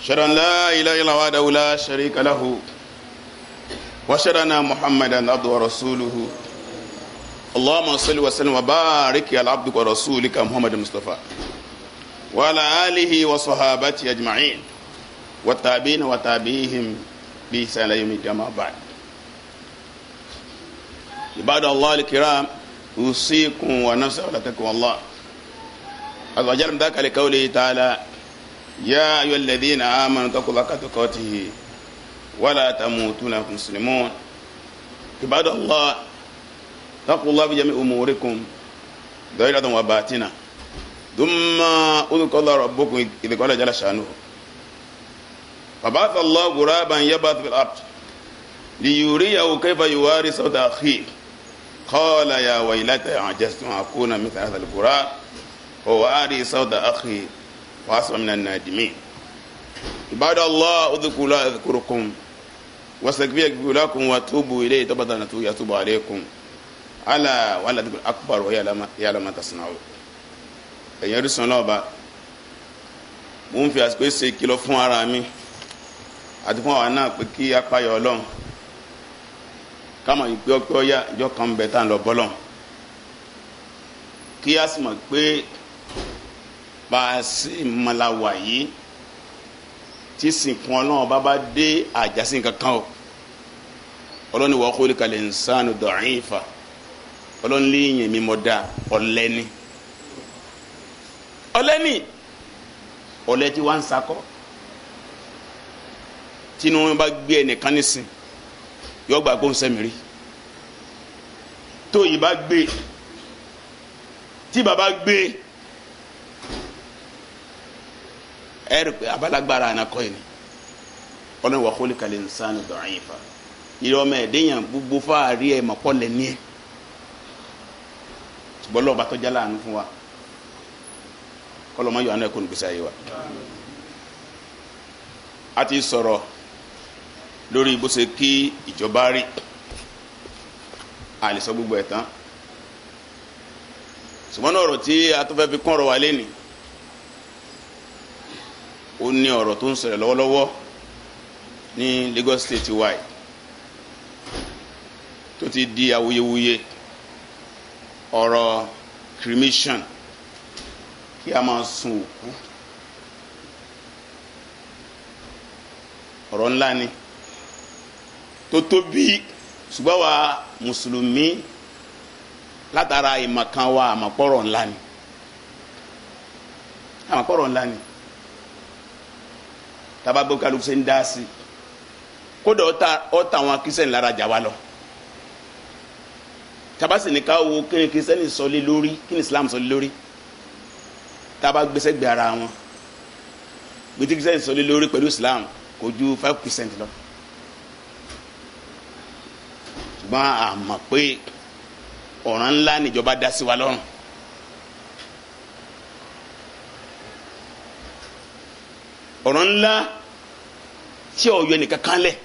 أشهد أن لا إله إلا وحده لا شريك له وأشهد أن محمدا عبده ورسوله اللهم صل وسلم وبارك على عبدك ورسولك محمد المصطفى وعلى آله وصحابته أجمعين والتابعين وتابعيهم بإحسان إلى يوم الجمع بعد عباد الله الكرام أوصيكم ونفسي ولا تقوى الله عز وجل ذاك لقوله تعالى يا أيها الذين آمنوا اتقوا الله تقاته ولا تموتون وانتم مسلمون عباد الله اتقوا الله في جميع أموركم ظاهرة وباطنة ثم اذكروا الله ربكم إذ قال جل شأنه فبعث الله غرابا يبعث في الأرض ليريه كيف يواري صوت أخيه قال يا ويلتى عجزت أن أكون مثل هذا الغراب وأري صوت أخي وأصبح من النادمين عباد الله اذكروا الله يذكركم واستغفروا لكم وتوبوا إليه توبة يتوب عليكم ألا ولا تقول أكبر وهي يعلم ما تصنعون ẹ̀yin ẹ̀rísàn náà bá mo ń fi àsìkò ṣe ìkìlọ̀ fún ara mi àti fún àwa náà pé kí apáyọ ọlọ́run káwọn ìpè ọpẹ́ ọyá ìjọ kan ń bẹ tá à ń lọ bọ́lọ̀ kí a sì mọ̀ pé bá a sì mọ̀lá wà yìí tí sìnkún ọlọ́run bá bá dé àjàsìn kankan o ọlọ́ni wà kó kalẹ̀ nsánú dọ̀ọ́yìnfà ọlọ́ni léyìn mi mọ̀ dá ọ̀lẹ́ni ọ̀lẹ́ni ọ̀lẹ́ tí wọ́n ń gbé ẹnìkan nísìn yọ gbà gbóhùn sẹ́mìrì tó yìí bá gbé tí bàbá gbé. ẹ ana abalagbara ànakọ́ yìí ni ọlọ́run wà kólé kalẹ̀ nsán dọ̀ọ́yìnfà yìí ọmọ ẹ̀dẹ́yàn gbogbo fáàrí ẹ̀ mọ̀kọ́ lẹ̀ ní ẹ̀ ṣùgbọ́n lọ́ba tó fún wa kọlọ́mọ yọ wa a ti sọ̀rọ̀ lórí bó ṣe kí ìjọba rí àlè gbogbo ẹ̀ tán ṣùgbọ́n náà ọ̀rọ̀ a tó fi kún wa lé ó ní ọ̀rọ̀ tó ń ṣẹlẹ̀ lọ́wọ́lọ́wọ́ ní Lagos state wa yìí tó ti di awuyewuye ọ̀rọ̀ cremation kí a máa sun òkú ọ̀rọ̀ ńlá ni tó tóbi ṣùgbọ́n wa mùsùlùmí látara ìmọ̀kan wa àmọ̀pọ̀rọ̀ ńlá ni àmọ̀pọ̀rọ̀ ńlá ni taba gbé kálukú ṣe ń dá sí kódà ọ̀tá ọ̀tá àwọn akínsẹ́ni lára jà wá lọ taba sì ní ká wo kí ni kínsẹ́ni sọlé lórí kí Islam sọlé lórí taba gbèsè gbé ara wọn gbèsè kínsẹ́ni sọlé lórí pẹ̀lú Islam kò ju five percent lọ ṣùgbọ́n àmọ̀ pé ọ̀ràn ńlá níjọba dá lọ́rùn ọ̀rọ̀ ńlá tí ọ̀yọ́ nìkan kan lẹ̀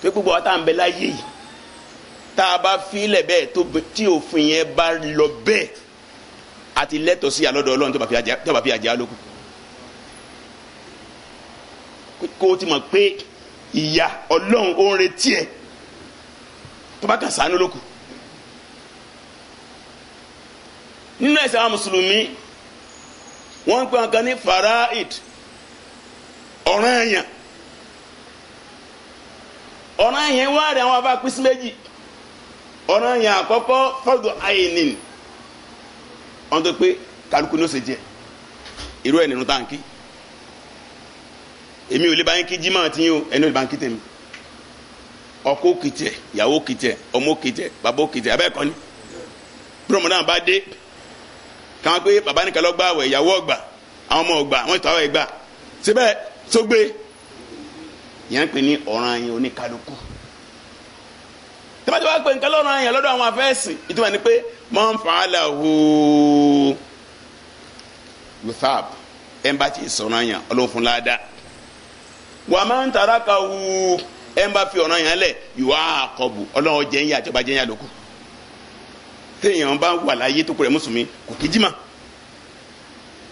pé gbogbo wa tá à ń bẹ láyé yìí tá a bá filẹ̀ bẹ́ẹ̀ tí òfin yẹn bá lọ bẹ́ẹ̀ àti lẹ́tọ̀ọ́ sí àlọ́dọ̀ ọlọ́run tó bá fi àjẹ́ alóku kó o ti mọ̀ pé ìyá ọlọ́run ó ń retí ẹ̀ tó bá kà sánú lóku nínú ẹ̀sìn àwọn mùsùlùmí. wọ́n ń pè wọn faraid ọ̀ràn ẹ̀yàn ọ̀ràn ẹ̀yàn wá rẹ̀ àwọn afá pín sí méjì ọ̀ràn ẹ̀yàn àkọ́kọ́ fọ́dù àyìnìn wọ́n tó pé kálukú ní ó ṣe jẹ irú ẹ̀ nínú táǹkì èmi ò lè bá yín kí jimá tí yín o ẹni ò lè bá yín káwọn pé bàbá nìkan lọ gbà àwẹ̀ ìyàwó ọgbà àwọn ọmọ ọgbà àwọn ìtàwọ̀ ẹgbà síbẹ̀ tó gbé yẹn ń pè ní ọ̀ràn yẹn oníkálukú tẹ́lẹ̀ tí wàá pè nǹkan lọ́ràn yẹn lọ́dọ̀ àwọn afẹ́sìn ìtumọ̀ ni pé man fa'alahu yuthab ẹ̀ ń bá ti sọ̀ràn yẹn ọlọ́run fún ládàá wà man tarakahu ẹ̀ ń bá fi ọ̀ràn yẹn lẹ̀ yu'aqabu ọlọ́run jẹ́ ń yà àjọba jẹ́ ń yà lókù téèyàn bá wà láyé tó kúrẹ́ mùsùlùmí kò kí jimá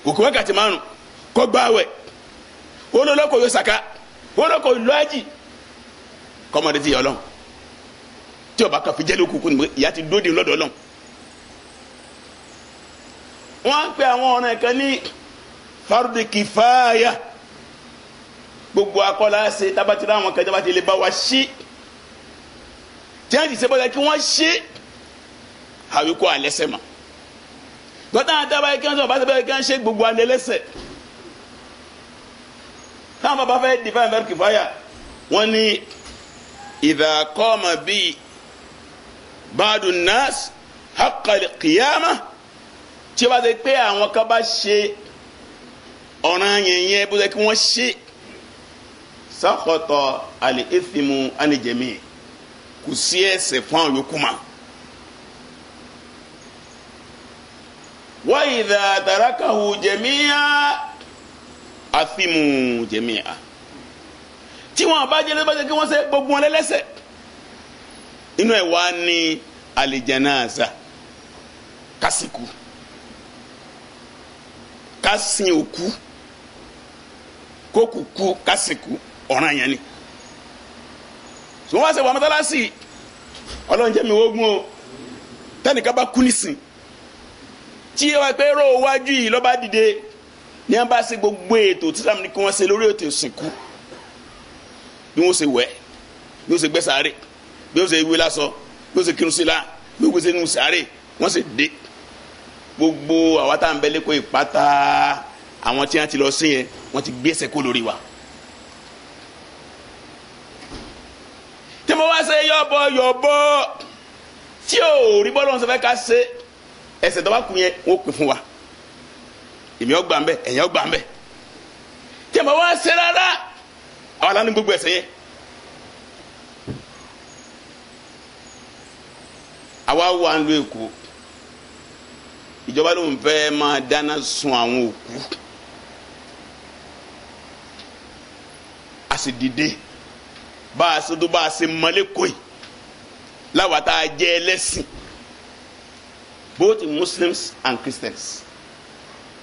kò kí wákàtí márùn kó gbààwẹ̀ olólókò yóò sàká olólókò yóò lọ́àjì kọ́mọdé ti yọ ọlọ́run tí ọba kan fi jẹ́ lóko kó ìyá ti dóde lọ́dọ̀ ọlọ́run wọ́n á pe àwọn ọ̀ràn kan ní farudi kìfáyà gbogbo akọ́lá ṣe tabatira àwọn kan tí wọ́n ti lè bá wa ṣí tí wọ́n ti ṣe bọ́lá kí wọ́n ṣe àwí kó àlẹ́sẹ̀ mà gbọ́dọ̀ àdábà yìí kí wọ́n sọ bàtà bẹ́ẹ̀ kí wọ́n ṣe gbogbo alẹ́ lẹ́sẹ̀ táwọn bàbá fẹ́ dìfà ẹ̀fẹ́ kìfáyà wọ́n ní ìdá kọ́ọ̀mà bíi báàdù nas haqqal qiyama tí a bá ti pé àwọn kan bá ṣe ọ̀ràn yẹn bó ṣe kí wọ́n ṣe sákòtò àlè éfìmù ànìjẹ̀mí kò sí ẹ̀ṣẹ̀ fún àwọn yòókù máa. wa ìdá tarakahu jẹ̀míà àfimù jẹ̀míà tí wọn bá jẹ́ lọ́sẹ̀ kí wọ́n ṣe gbogbo wọn lẹ́lẹ́sẹ̀ inú ẹ̀ wá ní alìjẹnáàsà kásìkú kásìn òkú kókùkú kásìkú ọ̀ràn yẹn ni tí wọ́n wá ṣe wà ọlọ́run jẹ́ mi wógún o tẹ́nìkan bá kú nísìn tí wọn pé ró wájú yìí lọ́ba dìde ní wọn bá ṣe gbogbo ètò tí sàmì kí wọn ṣe lórí ètò ìsìnkú bí wọn ṣe wẹ̀ bí wọn ṣe gbẹ́ sàárè bí wọn ṣe wé lásọ bí wọn ṣe kírun sí la bí wọn ṣe nu sàárè wọn ṣe dé gbogbo àwa tá à ń bẹ lẹ́kọ̀ọ́ ìpátá àwọn tí wọn ti lọ sí yẹn wọn ti gbé ẹsẹ̀ kó lórí wa. tí mo wá ṣe yọ̀bọ̀ yọ̀bọ̀ tí ò rí bọ́lọ̀ ń sọ fẹ́ ká ṣe ẹsẹ̀ tó bá kù yẹn wọ́n pè fún wa èmi ó gbà ń bẹ ẹ̀yin ó gbà ń bẹ tí a bá wá ṣe rárá àwọn aláǹdí gbogbo ẹsẹ̀ yẹn àwa wà ń lo èkó ìjọba ló ń fẹ́ máa dáná sun àwọn òkú a sì dìde bá a ṣe bá a ṣe mọ́lẹ́kọ̀ọ́ yìí láwa tá a both Muslims and Christians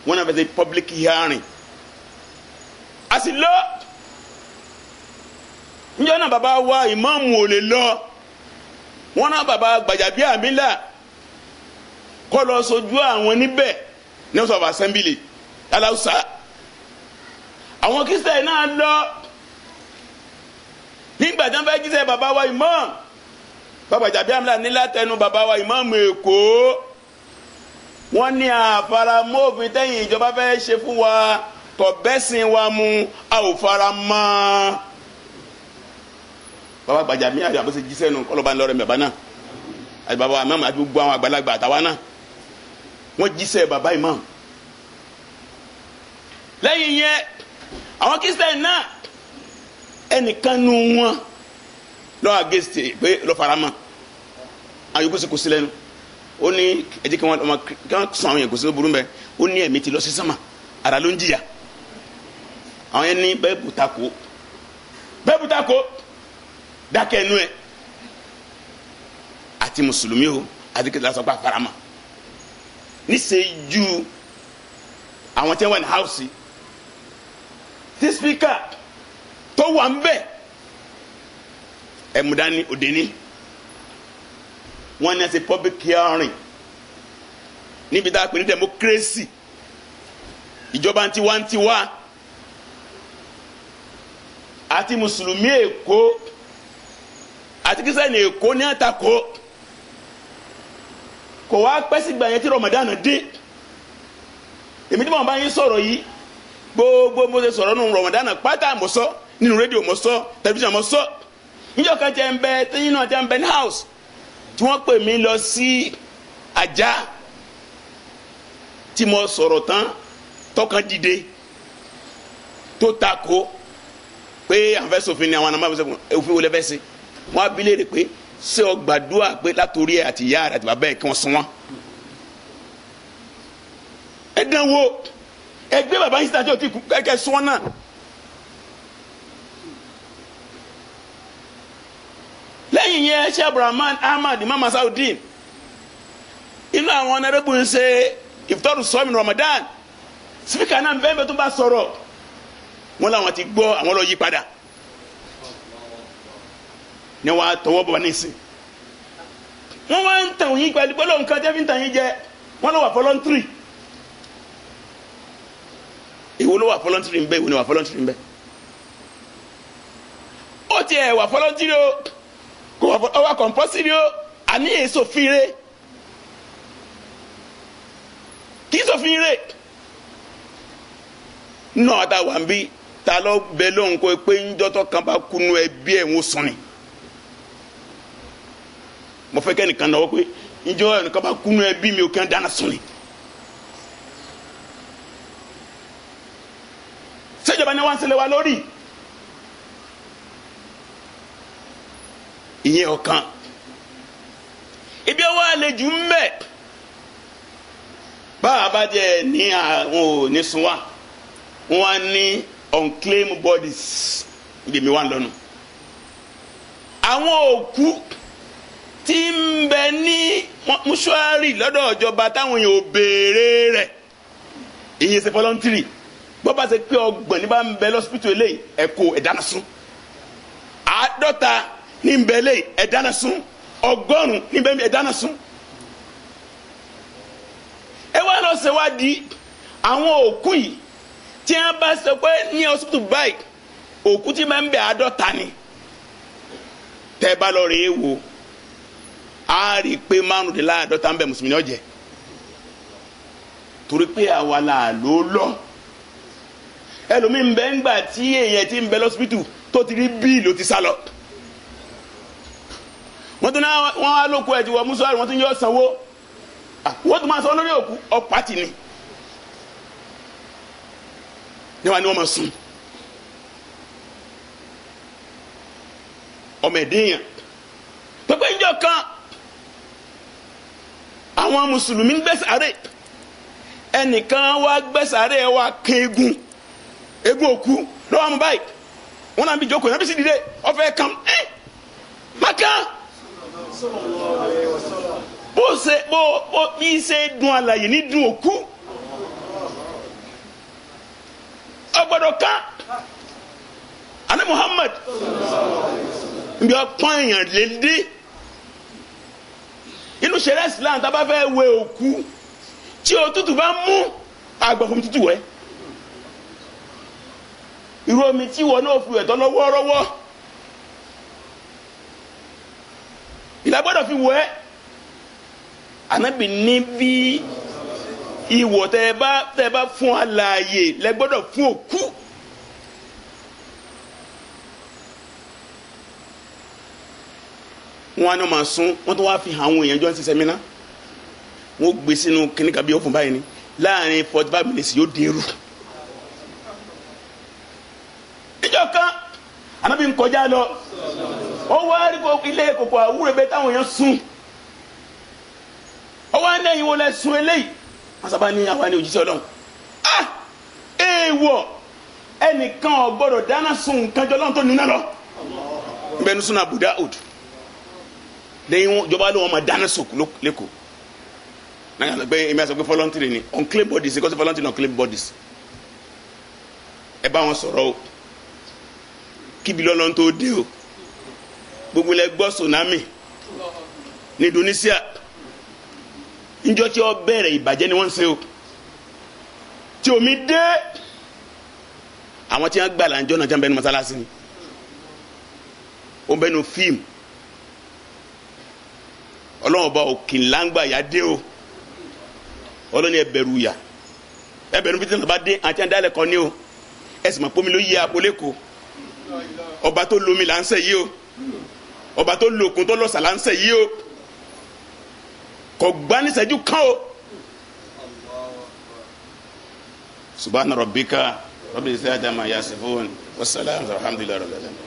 wọ́n náà fẹ́ ṣe public hearing a sì lọ níjọ́ náà Baba wa ìmáàmù ò lè lọ wọ́n náà bàbá Gbajabiamila kọ́ lọ sojú àwọn níbẹ̀ nẹ́wọ̀sọ̀ of assembly aláùsá àwọn kristian náà lọ nígbà tí wọ́n fẹ́ jíṣẹ́ Baba wa ìmáàmù bàbá Gbajabiamila ní látẹnu Baba wa ìmáàmù Èkó wọ́n ní àfaramọ́ òfin tẹ́yìn ìjọba fẹ́ ṣe fún wa kò bẹ́sìn wa mu a ò fara mọ́ baba Gbajabiamí àti àbúṣe jíṣẹ́ nu kọ́lọ́ba ń lọ́rẹ́ bàbá náà àti baba àmọ́ àti gbogbo àwọn àgbàlagbà àtàwa náà wọ́n jíṣẹ́ bàbá yìí mọ́ lẹ́yìn yẹn àwọn kristian náà ẹnìkan nu wọn lọ́wọ́ àgẹ́sìtì pé lọ́ọ́ fara mọ́ àyùkú sì kù sílẹ̀ ó ní ẹ jẹ́ kí wọ́n ọmọ kí wọ́n sọ àwọn yẹn kò sí burú bẹ́ẹ̀ ó ní ẹ̀mí ti lọ sí sánmà ara ló ń jìyà àwọn yẹn ní bẹ́ẹ̀ bù ta kó bẹ́ẹ̀ bù ta kó dákẹ́ ẹnu ẹ̀ àti mùsùlùmí o àti kìtà sọ pé níṣẹ́jú àwọn tí wọ́n ní house tí spika tó wà ń bẹ̀ ẹ̀mùdání òdeni. E wọ́n ní ẹ public hearing níbi tá a pè ní democracy ìjọba tiwantiwa àti mùsùlùmí èkó àti kírísítẹ́nì èkó ní àtakò kò wá pẹ́ sígbà yẹn tí Ramadan dé èmi tí mo bá yín sọ̀rọ̀ yìí gbogbo mo ṣe sọ̀rọ̀ nù Ramadan pátá mo sọ nínú rédíò mo sọ tẹlifíṣàn mo sọ níjọ́ kan tẹ́ ń bẹ tẹ́yìn náà tẹ́ ń bẹ ní house tí wọ́n pè mí lọ sí ajá tí mo sọ̀rọ̀ tán tọkàn dìde tó takò pé àwọn fẹ́ ṣòfin ni àwọn anamọ́ fẹ́ ṣòfin òfin wọlé fẹ́ ṣe wọ́n abilé rè pé ṣé o gbàdúrà pé látòrí ẹ̀ àti ìyá rẹ̀ àti bàbá ẹ̀ kí wọ́n sún wọn. ẹ dán wo ẹgbẹ́ bàbá yìí sáájú ò tí kú kẹ́kẹ́ sún wọn náà. lẹ́yìn yẹn ṣe abdulrahman ahmad mama saudin inú àwọn ọ̀nàdẹ́gbù ṣe ìfitọ́rù sọ́ọ̀mì ramadan sípíkà náà bẹ́ẹ̀ tó bá sọ̀rọ̀ wọn làwọn ti gbọ́ àwọn lọ yí padà ni wọn àtọwọ́ bọ̀ nísìn wọn wá ń tàn yín pẹ̀lú pẹ̀lú nǹkan fi ń tàn yín jẹ wọn lọ wà fọlọ́ntìrì ló wà fọlọ́ntìrì ń ni wà fọlọ́ntìrì ń bẹ ó tiẹ̀ wà o. kò wà compulsory o àní èso fire kì í sòfin rè náà ta wà ń bí ta lọ bẹ lóhùn kó pé ńjọ́tọ̀ kan bá kunu ẹbí ẹ̀ ń sùn mo fẹ́ kẹ́ nìkan náà pé ńjọ́ ẹnìkan bá kunu ẹbí mi ò kí wọ́n dáná sùn ni. ni wọ́n ń ṣẹlẹ̀ wa lórí. ìyẹn ọ̀kan ibi ọwọ́ àlejò ń bẹ̀ báwa bá jẹ ní àwọn òní sunwa wọn ní unclaimed bodies gbèmí wa lọ́nu àwọn òkú tí ń bẹ ní mọ́ṣúárì lọ́dọ̀ ìjọba táwọn èèyàn ò béèrè rẹ̀ èyí ṣe fọlọ́ntìrì bọ́ba ṣe pé ọgbọ̀n ní bá ń bẹ lọ́sibítù eléyìí ẹ̀kọ́ ẹ̀dáná sún àádọ́ta ní nbẹ̀lẹ̀ ẹ̀dáná sún ọgọ́rùn ní nbẹ̀lẹ̀ ẹ̀dáná sún. ẹ wá lọ ṣe wá di àwọn òkú yìí tí wọ́n bá sọ pé ní báyìí òkú ni tẹ́ bá lọ rèé wò á rí i pé márùndínláàádọ́ta ń bẹ mùsùlùmí ọ̀jẹ̀ torí pé àwa là ló lọ ń gbà tí èèyàn ti ń bẹ lọ́sibítù tó ti rí bíìlì ó ti sá lọ. wọ́n tún náà wọ́n á lóko ẹ̀jẹ̀ wọ́n mú sọ́ọ̀rì tún yọ sanwó wọ́n tún máa sọ lórí òkú ọ̀pá tì ní. níwá ni wọ́n máa sùn. ọmọ ẹ̀dínyàn pẹpẹ ìjọ kan àwọn mùsùlùmí ń ẹnìkan wá gbẹ́sàárè wá kan egun egun òkú bó ṣe bó bó bí ṣe dun àlàyé ní dun òkú ọgbọ́dọ̀ kan ani Muhammad nbí ọpọn èèyàn lédè inú sẹ̀rẹ̀ Islam tá a bá fẹ́ wẹ òkú tí òtútù bá mú agbọ̀fun tútù wẹ̀ irú omi tí wọn náà fi ẹ̀tọ́ lọ́wọ́rọ́wọ́. ìlà gbọ́dọ̀ fi wọ ẹ́ ànábì ní bí ìwọ̀ tẹ́ ẹ bá tẹ́ ẹ bá fún alààyè lẹ gbọ́dọ̀ fún òkú. wọn á ní ọmọ sún wọn tó wá fi hàn àwọn èèyàn jọ ń ṣiṣẹ́ mi ná wọn gbé sínú kíníkà bí ọ̀fun báyìí ni láàrin forty five minutes yóò dé rú. ìjọ kan ànábì ń kọjá lọ ó wá rí ilé kòkò àwúrẹ́bẹ táwọn èèyàn sùn ó wá ní ẹ̀yin lẹ sùn eléyìí wọ́n sábà àwa ni òjíṣẹ́ ọlọ́run ah èèwọ̀ ẹnìkan ò gbọ́dọ̀ dáná sun nǹkan jọ lọ́run tó níná lọ bẹ́ẹ̀ ni sunna Abu Daud lẹ́yìn ìjọba ló wọn máa dáná sòkú lẹ́kọ̀ọ́ náà sọ pé èmi àsọ pé voluntary ni unclean bodies because voluntary unclean bodies ẹ bá wọn sọ̀rọ̀ o kíbi lọ́lọ́run tó dé o gbogbo lẹ gbọ́ tsunami ní Indonesia níjọ́ tí ó bẹ̀rẹ̀ ìbàjẹ́ ni wọ́n ń ṣe o tí omi dé àwọn tí wọ́n gbà láńjọ́ náà tí wọ́n bẹ nu mọ́sálásí ni ó bẹ nu fíìmù ọlọ́wọ́n bá òkìńláńgbà yá dé o ọlọ́ni ẹ bẹ̀rù yà ẹ bẹ̀rù bá dé àti àdá lẹ́kọ̀ọ́ ni o ẹ sì mọ̀ pómi ló yí apolé ko ọba tó lomi là ń sẹ́ yìí o ọba tó lòkun tó lọ sàlánsẹ̀ yìí o kò gbá níṣẹ́jú kan o. subhana rabbika rabbil izzati amma yasifun wasalaam alhamdulilayi rabbil alamin.